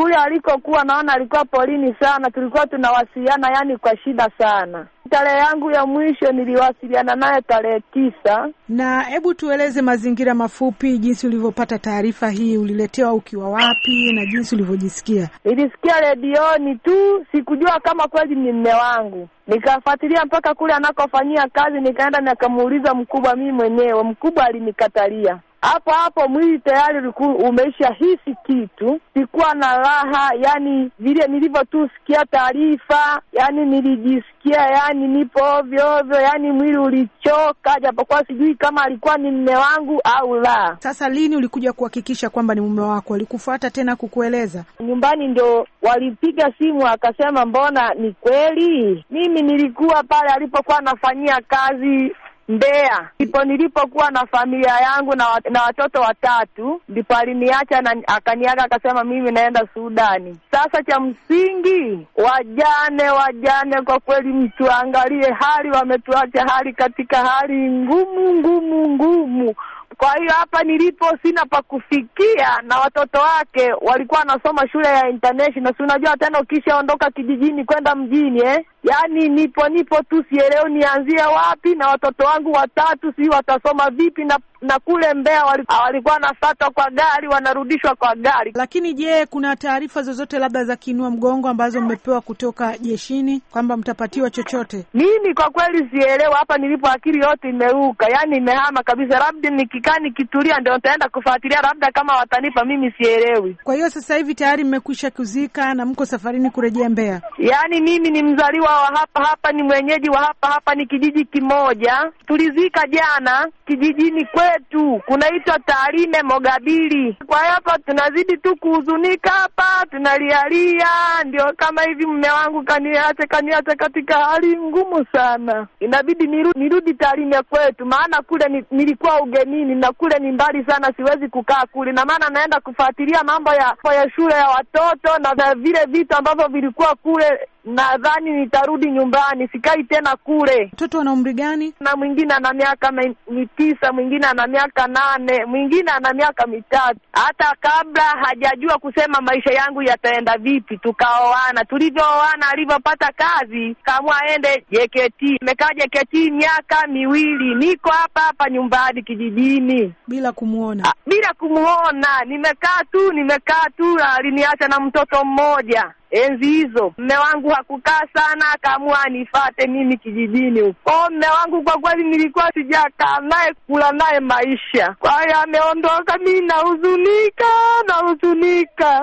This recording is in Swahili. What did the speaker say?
kule alikokuwa naona alikuwa polini sana, tulikuwa tunawasiliana yani kwa shida sana. Tarehe yangu ya mwisho niliwasiliana naye tarehe tisa. Na hebu tueleze mazingira mafupi, jinsi ulivyopata taarifa hii, uliletewa ukiwa wapi na jinsi ulivyojisikia? Nilisikia redioni tu, sikujua kama kweli ni mme wangu. Nikafuatilia mpaka kule anakofanyia kazi, nikaenda nikamuuliza mkubwa mimi mwenyewe, mkubwa alinikatalia hapo hapo mwili tayari ulikuwa umeisha hisi kitu, sikuwa na raha yani, vile nilivyo tu sikia taarifa, yani nilijisikia yani nipo ovyo ovyo, yani mwili ulichoka, japokuwa sijui kama alikuwa ni mme wangu au la. Sasa lini ulikuja kuhakikisha kwamba ni mume wako? Alikufuata tena kukueleza? Nyumbani ndo walipiga simu, akasema mbona ni kweli. Mimi nilikuwa pale alipokuwa anafanyia kazi Mbeya ndipo nilipokuwa na familia yangu na, na watoto watatu, ndipo aliniacha na akaniaga akasema, mimi naenda Sudani. Sasa cha msingi, wajane wajane, kwa kweli mtuangalie hali, wametuacha hali katika hali ngumu ngumu ngumu. Kwa hiyo hapa nilipo sina pa kufikia, na watoto wake walikuwa wanasoma shule ya international. Si unajua tena, ukishaondoka kijijini kwenda mjini eh? Yaani nipo nipo tu, sielewi nianzie wapi, na watoto wangu watatu sijui watasoma vipi, na na kule Mbeya walikuwa wanafuatwa kwa gari, wanarudishwa kwa gari. Lakini je, kuna taarifa zozote labda za kinua mgongo ambazo mmepewa kutoka jeshini kwamba mtapatiwa chochote? Mimi kwa kweli sielewa hapa nilipo akili yote imeuka, yaani imehama kabisa. Labda nikikaa nikitulia, ndio nitaenda kufuatilia, labda kama watanipa, mimi sielewi. Kwa hiyo sasa hivi tayari mmekwisha kuzika na mko safarini kurejea Mbeya? Yaani mimi ni mzaliwa wa hapa hapa, ni mwenyeji wa hapa hapa, ni kijiji kimoja. Tulizika jana kijijini kwetu, kunaitwa Tarime Mogabili. Kwa hapa tunazidi tu kuhuzunika, hapa tunalialia, ndio kama hivi. Mume wangu kaniacha, kaniacha katika hali ngumu sana, inabidi nirudi, nirudi Tarime kwetu, maana kule nilikuwa ugenini na kule ni mbali sana, siwezi kukaa kule, na maana naenda kufuatilia mambo ya, ya shule ya watoto na vile vitu ambavyo vilikuwa kule nadhani nitarudi nyumbani, sikai tena kule. Mtoto ana umri gani? na mwingine ana miaka mitisa, mwingine ana miaka nane, mwingine ana miaka mitatu. Hata kabla hajajua kusema maisha yangu yataenda vipi, tukaoana. Tulivyooana, alivyopata kazi, kamwa aende JKT. imekaa JKT miaka miwili, niko hapa hapa nyumbani kijijini, bila kumwona, ah, bila kumwona. Nimekaa tu, nimekaa tu, aliniacha na mtoto mmoja enzi hizo mme wangu hakukaa sana, akaamua anifate mimi kijijini huko. Mme wangu kwa kweli nilikuwa sijakaa naye kula naye maisha, kwa hiyo ameondoka, mi nahuzunika, nahuzunika.